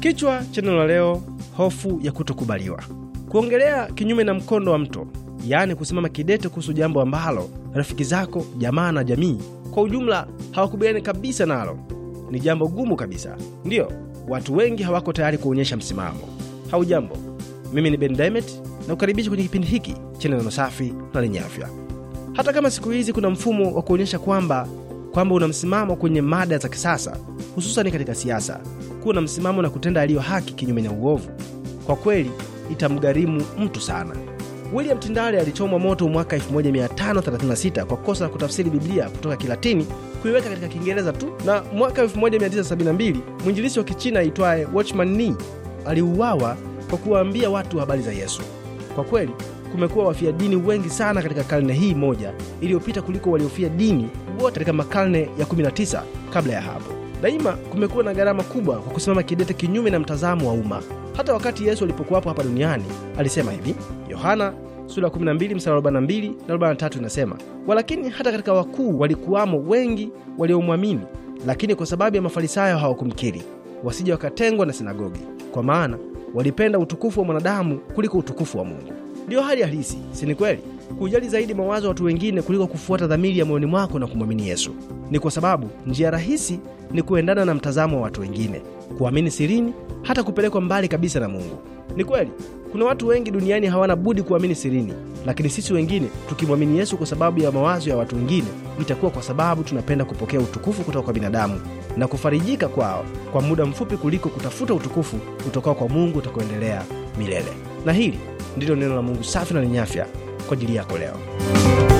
Kichwa cha neno la leo, hofu ya kutokubaliwa. Kuongelea kinyume na mkondo wa mto, yaani kusimama kidete kuhusu jambo ambalo rafiki zako, jamaa na jamii kwa ujumla hawakubaliani kabisa nalo, ni jambo gumu kabisa. Ndiyo, watu wengi hawako tayari kuonyesha msimamo. Haujambo, mimi ni Ben Diamond na kukaribisha kwenye kipindi hiki cha neno safi na lenye afya. Hata kama siku hizi kuna mfumo wa kuonyesha kwamba kwamba una msimamo kwenye mada za kisasa, hususani katika siasa kuwa na msimamo na kutenda aliyo haki kinyume na uovu, kwa kweli itamgharimu mtu sana. William Tindale alichomwa moto mwaka 1536 kwa kosa la kutafsiri Biblia kutoka Kilatini kuiweka katika Kiingereza tu, na mwaka 1972 mwinjilisi wa Kichina aitwaye Watchman Nee aliuawa kwa kuwaambia watu habari za Yesu. Kwa kweli kumekuwa wafia dini wengi sana katika karne hii moja iliyopita kuliko waliofia dini wote katika makarne ya 19 kabla ya hapo. Daima kumekuwa na gharama kubwa kwa kusimama kidete kinyume na mtazamo wa umma. Hata wakati Yesu alipokuwapo hapa duniani alisema hivi, Yohana sura 12 mstari 42 na 43 inasema, walakini hata katika wakuu walikuwamo wengi waliomwamini, lakini kwa sababu ya Mafarisayo hawakumkiri, wasije wakatengwa na sinagogi, kwa maana walipenda utukufu wa mwanadamu kuliko utukufu wa Mungu. Ndiyo hali halisi, si ni kweli? Kujali zaidi mawazo ya watu wengine kuliko kufuata dhamiri ya moyoni mwako na kumwamini Yesu, ni kwa sababu njia rahisi ni kuendana na mtazamo wa watu wengine, kuamini sirini, hata kupelekwa mbali kabisa na Mungu. Ni kweli kuna watu wengi duniani hawana budi kuamini sirini, lakini sisi wengine tukimwamini Yesu kwa sababu ya mawazo ya watu wengine, itakuwa kwa sababu tunapenda kupokea utukufu kutoka kwa binadamu na kufarijika kwao kwa muda mfupi kuliko kutafuta utukufu kutoka kwa Mungu utakoendelea milele. Na hili ndilo neno la Mungu safi na lenye afya kwa ajili yako leo.